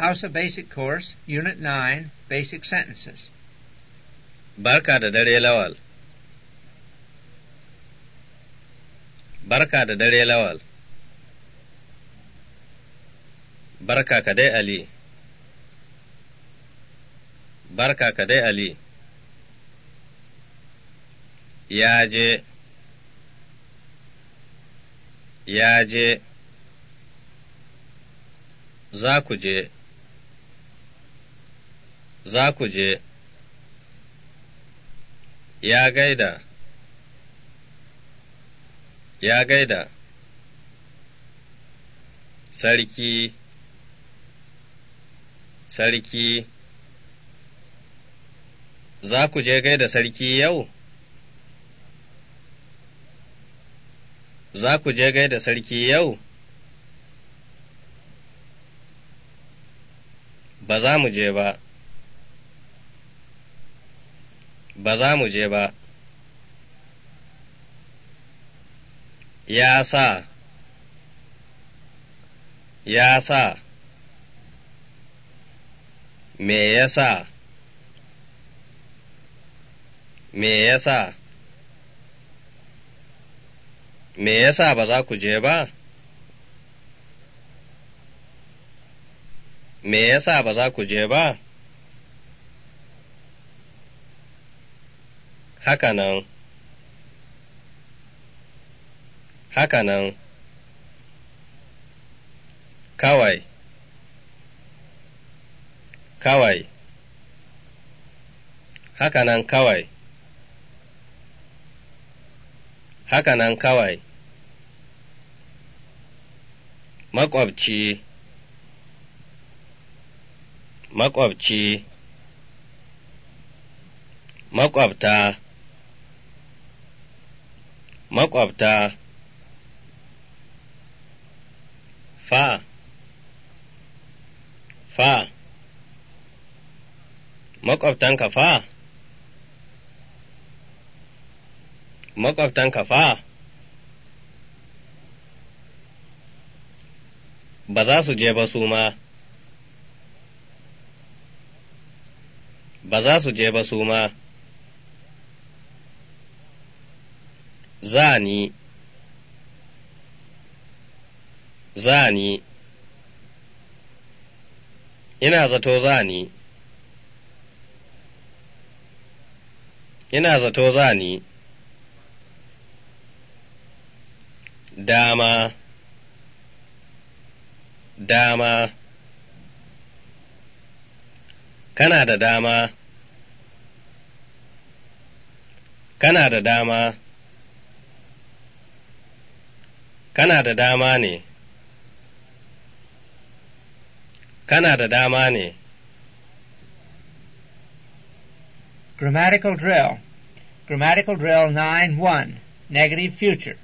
Hausa Basic Course, Unit 9, Basic Sentences. Barka da dare lawal. Barka da dare lawal. Barka ka dai Ali. Barka ka dai Ali. Ya je. Ya je. Za ku je. za ku je, ya gaida, ya gaida, sarki, sarki, za ku je gaida sarki yau? Za ku je gaida sarki yau? Ba za mu je ba. ba za mu je ba, ya sa, ya sa, me ya sa, me ya sa, me ya sa ba za ku je ba? Me ya sa ba za ku je ba? hakanan hakanan kawai kawai hakanan kawai hakanan kawai makwabci makwabci makwabta maƙwabta fa fa maƙwabtanka fa maƙwabtanka fa ba za su je ba su ma ba za su je ba su ma زاني زاني ina zato zani ina zato zani dama dama kana da dama kana da dama kana da dama ne kana da dama ne grammatical drill grammatical drill 9-1 negative future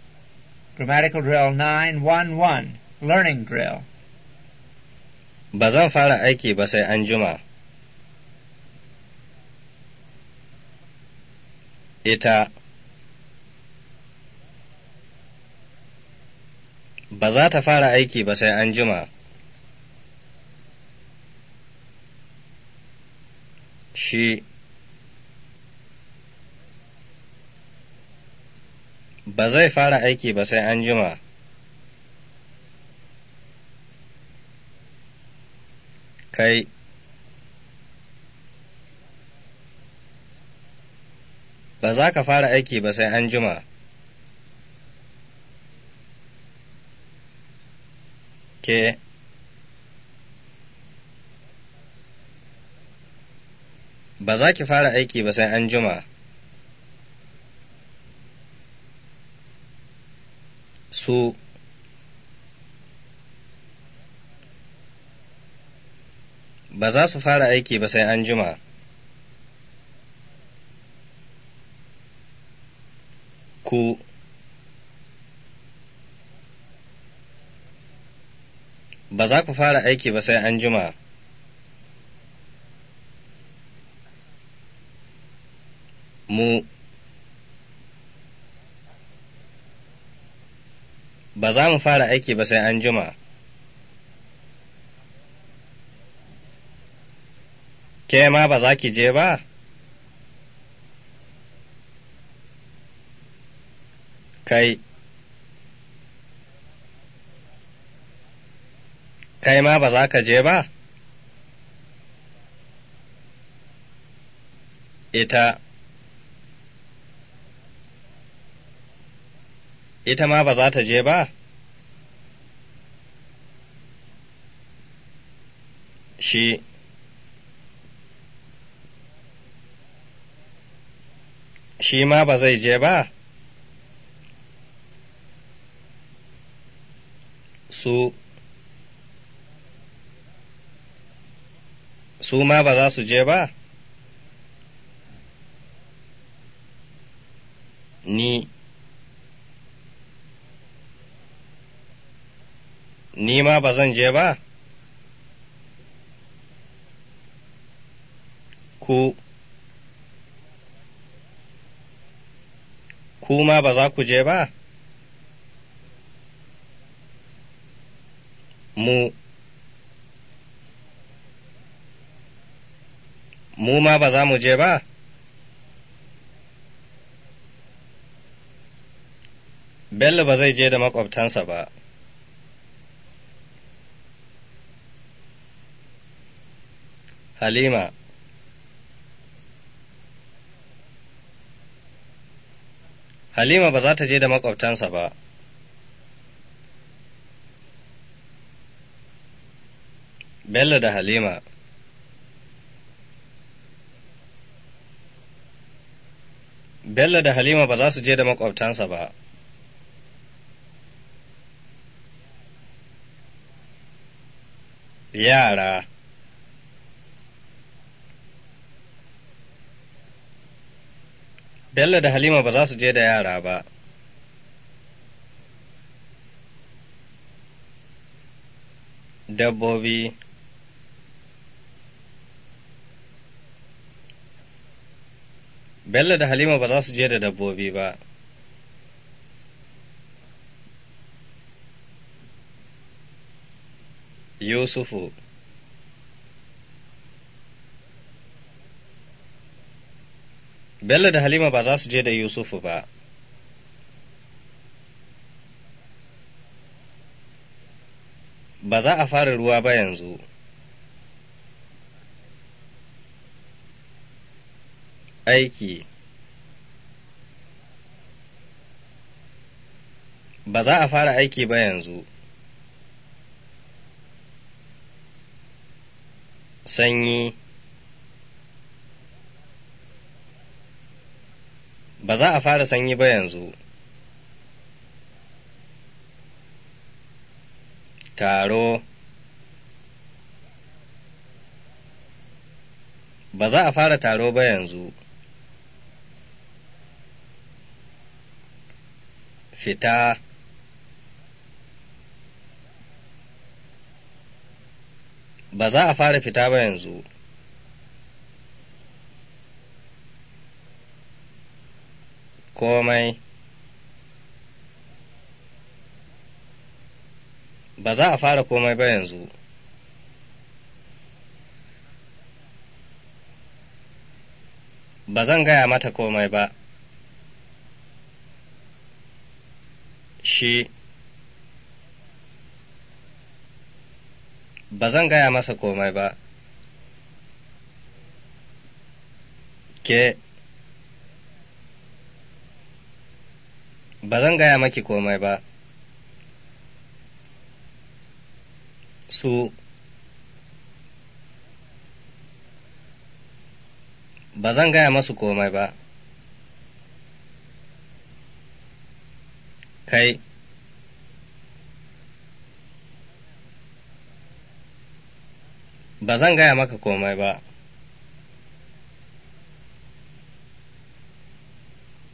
grammatical drill 9-1-1 learning drill ba zan fara aiki ba sai an juma ita ba za ta fara aiki ba sai an jima. Shi ba zai fara aiki ba sai an jima. Kai ba za ka fara aiki ba sai an jima. که ba za ki fara aiki ba sai an juma su ba za su fara aiki ba sai an juma ku ba za ku fara aiki ba sai an jima. Mu Ba za mu fara aiki ba sai an jima. Ke ma ba za ki je ba? Kai. kai ma ba za ka je ba? Ita Ita ma ba za ta je ba? Shi Shi ma ba zai je ba? Su so, su ma ba za su je ba ni ni ma ba zan je ba ku ku ma ba za ku je ba mu mu ma ba za mu je ba? Bello ba zai je da makwabtansa ba. Halima Halima ba za ta je da makwabtansa ba. Bello da Halima Bello da Halima ba za su je da makwabtansa ba. Yara Bello da Halima ba za su je da yara ba. Dabbobi Bello da Halima ba za su je da dabbobi ba. Yusufu Bello da Halima ba za su je da Yusufu ba. Ba za a fara ruwa ba yanzu. aiki ba za a fara aiki ba yanzu sanyi ba za a fara sanyi ba yanzu taro ba za a fara taro ba yanzu fita ba za a fara fita ba yanzu komai ba za a fara komai ba yanzu ba zan gaya mata komai ba shi ba zan gaya masa komai ba ke ba zan gaya maki komai ba su ba zan gaya masu komai ba kai ba zan gaya maka komai ba,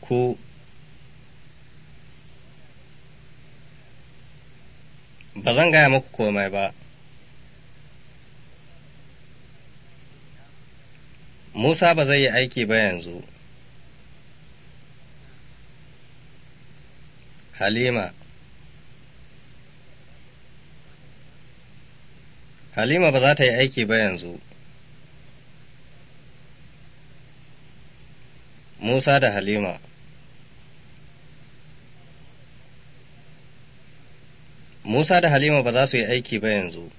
ku ba zan gaya maku komai ba, Musa ba zai yi aiki ba yanzu, Halima Halima ba za ta yi aiki ba yanzu. Musa da Halima Musa da Halima ba za su yi aiki ba yanzu.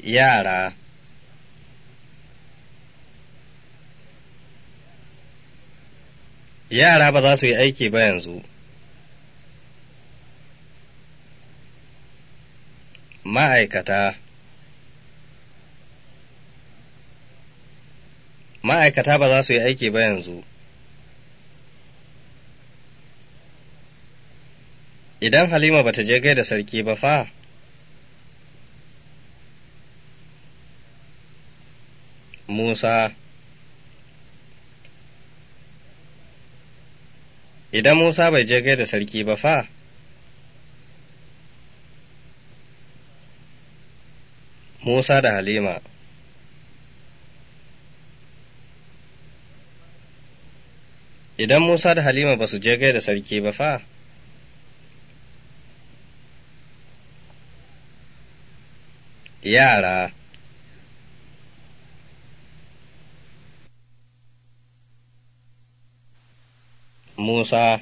Yara Yara ba za su yi aiki ba yanzu. ma'aikata ma'aikata ba za su yi aiki ba yanzu idan halima ba ta je gaida sarki ba fa musa idan musa bai je gaida sarki ba fa Musa da Halima Idan Musa da Halima ba su je gaida sarki ba fa, yara Musa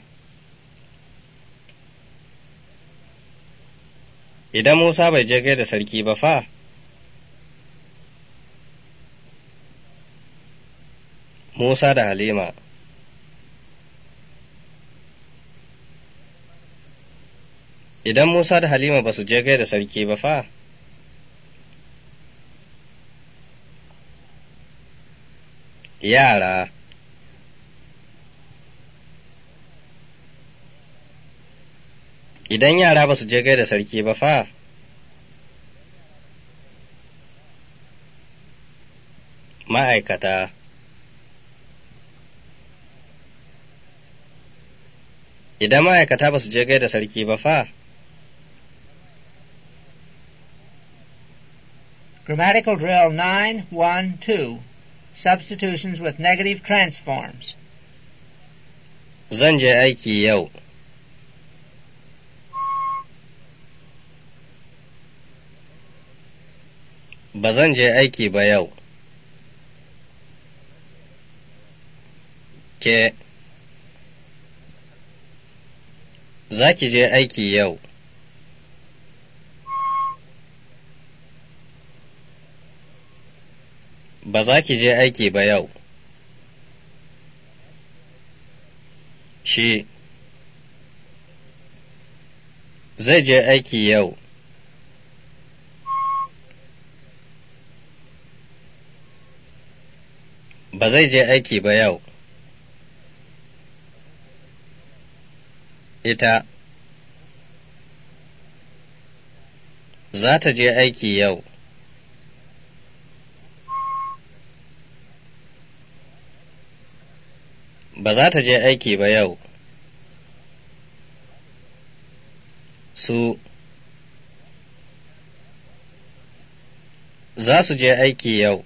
Idan Musa bai je gaida sarki ba fa, Musa da Halima Idan Musa da Halima ba su je gaida sarki ba fa, yara Idan yara ba su je gaida sarki ba fa, ma'aikata idan ma'aikata ba su je gaida sarki ba fa. Grammatical drill 912 Substitutions with negative transforms. Zan je aiki yau. Ba zan je aiki ba yau. Ke. za ki je aiki yau. Ba za ki je aiki ba yau. Shi zai je aiki yau. Ba zai je aiki ba yau. ita za ta je aiki yau ba za ta je aiki ba yau su za su je aiki yau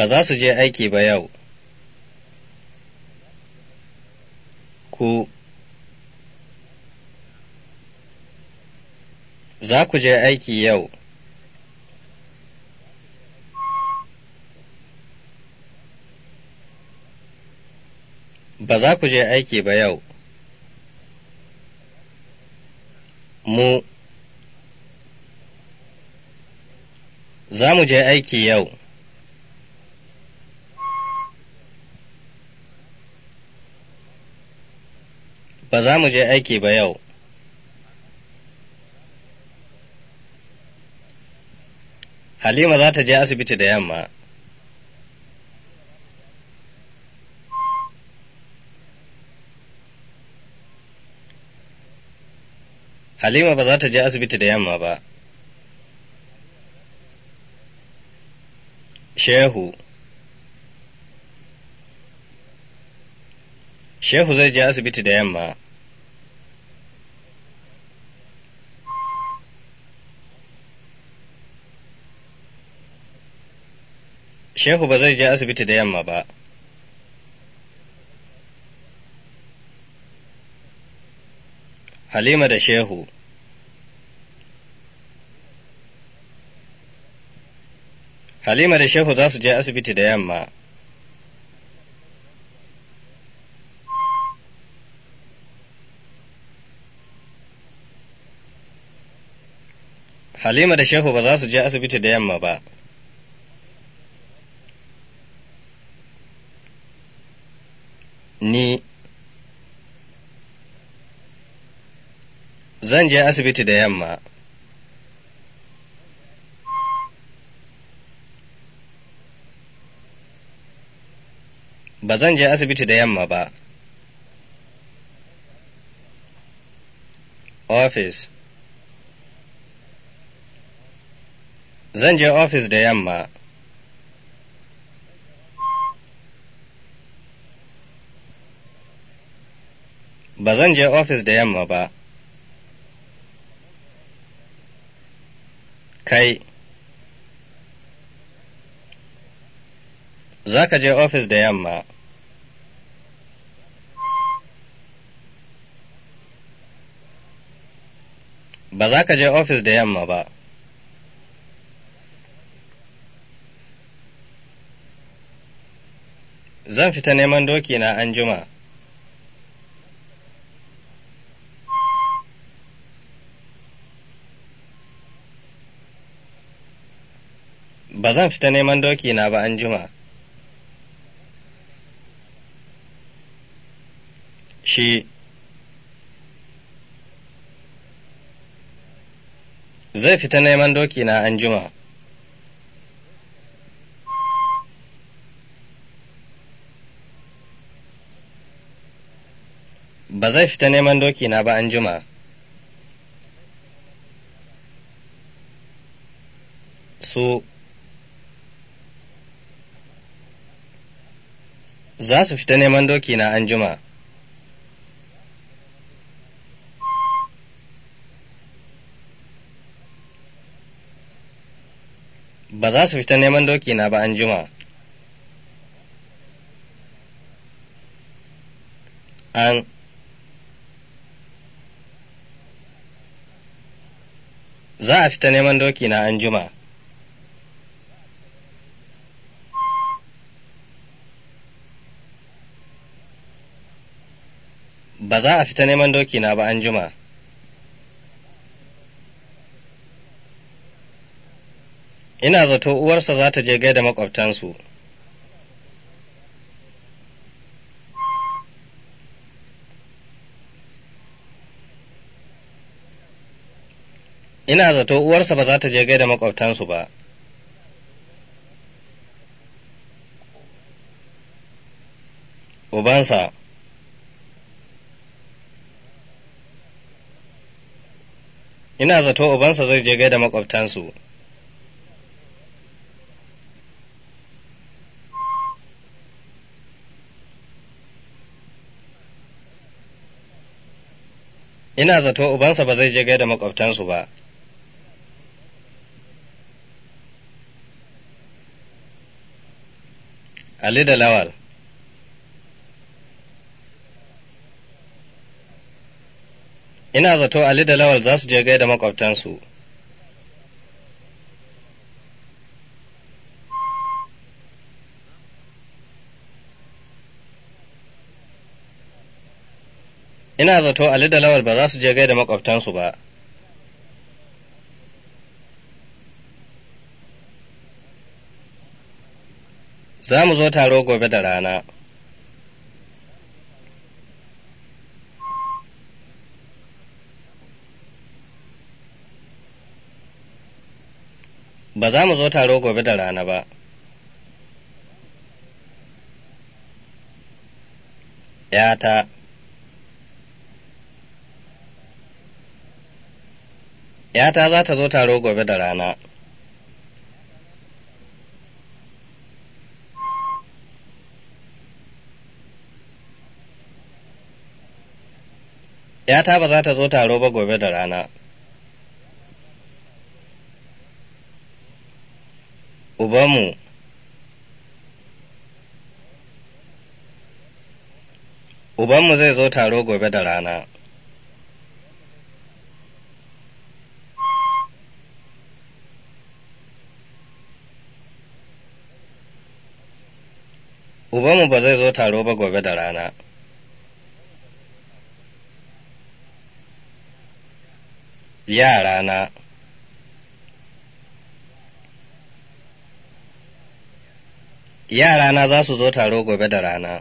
ba za su je aiki ba yau. Ku za ku je aiki yau. Ba za ku je aiki ba yau. Mu za mu je aiki yau. za mu je aiki ba yau. Halima za ta je asibiti da yamma. Halima ba za ta je asibiti da yamma ba. Shehu Shehu zai je asibiti da yamma. Shehu ba zai je asibiti da yamma ba. Halima da Shehu Halima da Shehu za su je asibiti da yamma. Halima da Shehu ba za su je asibiti da yamma ba. ni zan je asibiti da yamma ba zan je asibiti da yamma ba ofis zan je ofis da yamma Ba zan je ofis da yamma ba. Kai, za ka je ofis da yamma. Ba za ka je ofis da yamma ba. Zan fita neman doki na anjima. ba zan fita neman doki na ba an jima. Shi zai fita neman doki na an jima. Ba zai fita neman doki na ba an jima. Su so, Za su fita neman doki na anjima. Ba za su fita neman doki na ba anjima. An Za a fita neman doki na anjima. Ba za a fita neman doki na ba an juma. Ina zato uwarsa za ta je gaida maƙwabtansu. Ina zato uwarsa ba za ta je gaida maƙwabtansu ba. Ubansa ina zato ubansa zai je gaida makwabtansu. Ina zato ubansa ba zai je gaida makwabtansu ba. Ali da Lawal ina zato Ali da Lawal za su je gaida makwabtansu. Ina zato Ali da Lawal ba za su je gaida makwabtansu ba. Za mu zo taro gobe da rana. ba za mu zo taro gobe da rana ba. ‘Yata ‘Yata za ta zo taro gobe da rana. ‘Yata ba za ta zo taro ba gobe da rana. ubanmu ubanmu zai zo taro gobe da rana ubanmu ba zai zo taro ba gobe da rana know. Yarana za su zo taro gobe da rana.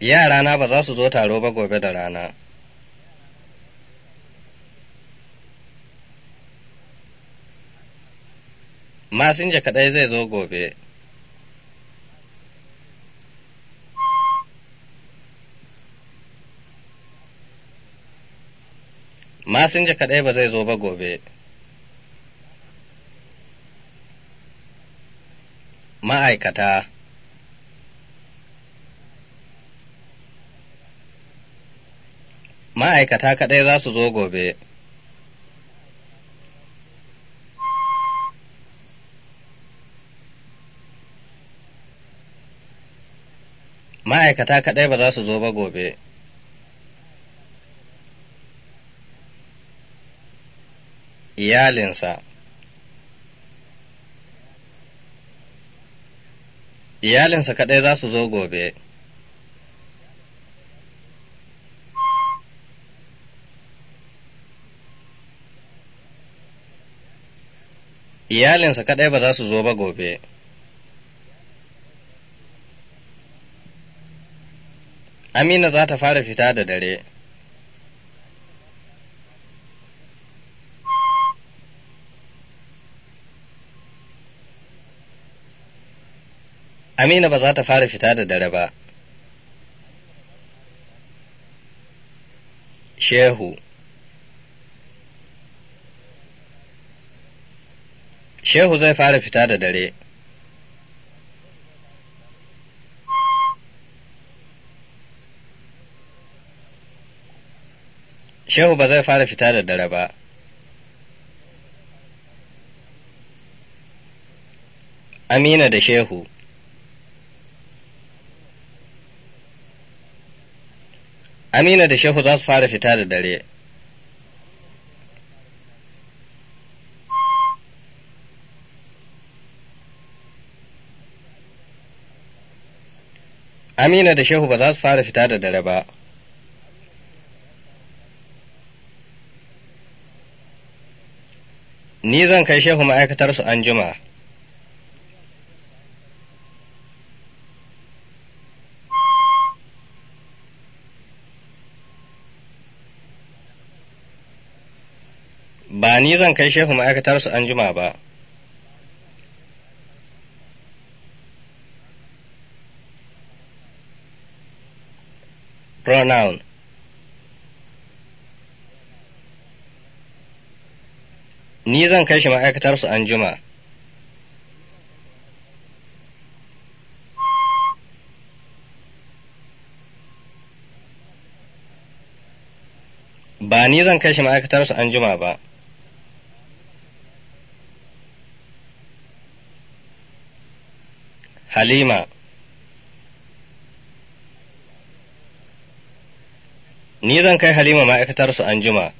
Yarana ba za su zo taro ba gobe da rana. Masinja kaɗai zai zo gobe. masinja kaɗai ba zai zo ba gobe ma'aikata ma'aikata kaɗai za su zo gobe ma'aikata kaɗai ba za su zo ba gobe iyalinsa iyalinsa kaɗai za su zo gobe iyalinsa kaɗai ba za su zo ba gobe amina za ta fara fita da dare Amina ba za ta fara fita da dare ba. Shehu Shehu zai fara fita da dare. Shehu ba zai fara fita da dare ba. Amina da Shehu Amina da Shehu za su fara fita da dare. Amina da Shehu ba za su fara fita da dare ba. Ni zan kai Shehu ma'aikatar su an ni zan kai shehu ma'aikatar su an jima ba. Pronoun Ni zan kai shi ma'aikatar su an jima. Ba ni zan kai shi ma'aikatar su an jima ba. Halima Ni zan kai Halima ma'aikatar su anjima.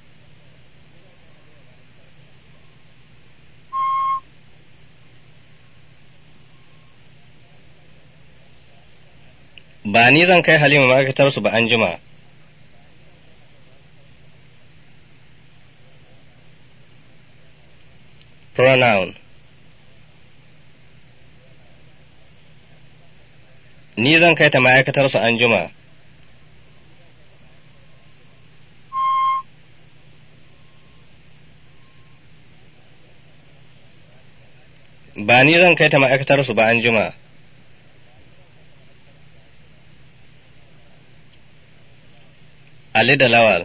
Ba ni zan kai Halima ma'aikatar su ba anjima. Pronoun ni zan kai ta ma'aikatarsu an jima. Ba ni zan kai ta ma'aikatarsu ba an jima. Ali da Lawal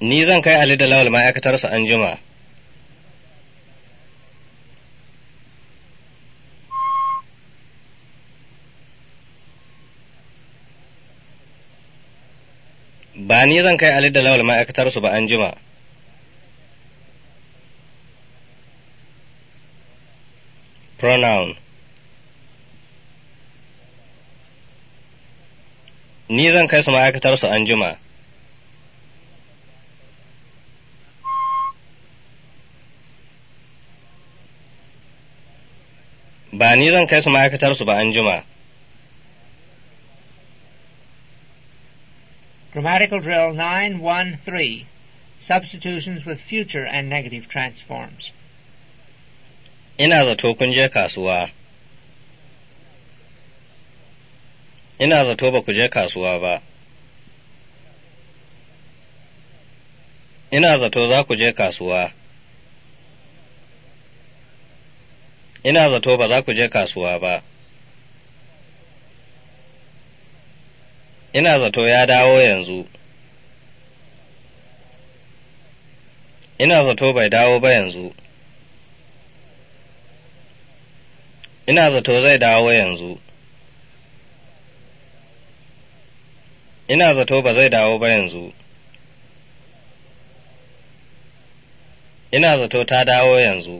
Ni zan kai Ali da Lawal ma'aikatarsu an jima. ba ni zan kai Ali da Lawal ma'aikatar su ba an jima. Pronoun Ni zan kai su ma'aikatar su an jima. Ba ni zan kai su ma'aikatar su ba an jima. Grammatical drill 913 Substitutions with future and negative transforms. Ina zato kun je kasuwa. Ina zato ba ku je kasuwa ba. Ina zato za ku je kasuwa. Ina zato ba za ku je kasuwa ba. ina zato ya dawo yanzu ina zato bai dawo ba yanzu ina zato zai dawo yanzu ina zato ba zai dawo ba yanzu ina zato ta dawo yanzu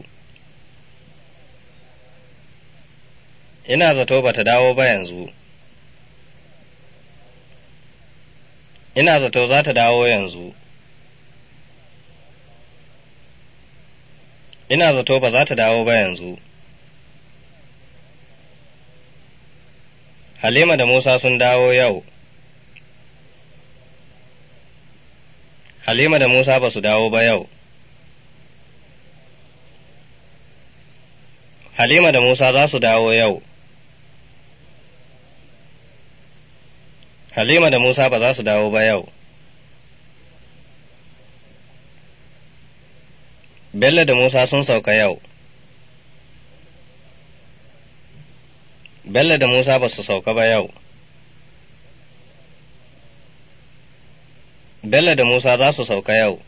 ina zato ba ta dawo ba yanzu ina zato za ta dawo yanzu ina zato ba za ta dawo ba yanzu Halima da Musa sun dawo yau Halima da Musa ba su dawo ba yau Halima da Musa za su dawo yau Halima da Musa ba za su dawo ba yau. Bello da Musa sun sauka yau. Bello da Musa ba su sauka ba yau. Bello da Musa za su sauka yau.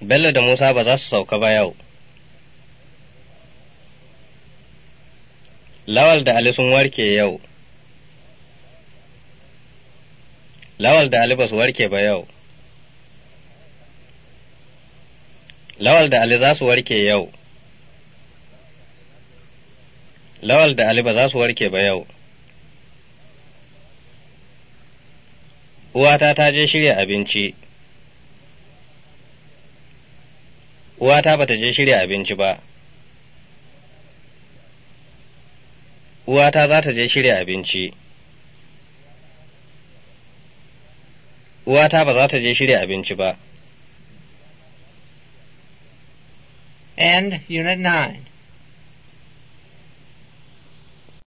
Bello da Musa ba za su sauka ba yau. Lawal da Ali sun warke yau. Lawal da Ali ba su warke ba yau. Lawal da Ali za su warke yau. Lawal da Ali ba za su warke ba yau. Uwata ta je shirya abinci. Uwata ba ta je shirya abinci ba. uwata za ta je shirya abinci. Uwata ba za ta je shirya abinci ba. And Unit 9